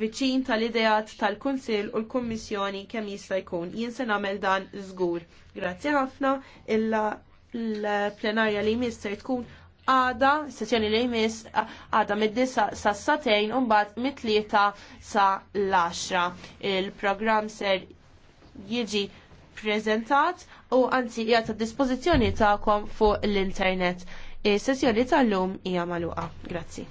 viċin tal ideat tal-Kunsil u l-Kummissjoni kemm jista' jkun. Jien se nagħmel dan żgur. Grazzi ħafna illa l-plenarja li jmiss se tkun għada, sessjoni li jmiss għada mid-disa sa satejn u mbagħad mit-tlieta sa l-10. Il-programm ser jiġi prezentat u anzi jgħat ta' dispożizzjoni tagħkom fuq l-internet. E sessjoni tal-lum hija magħluqa. Grazzi.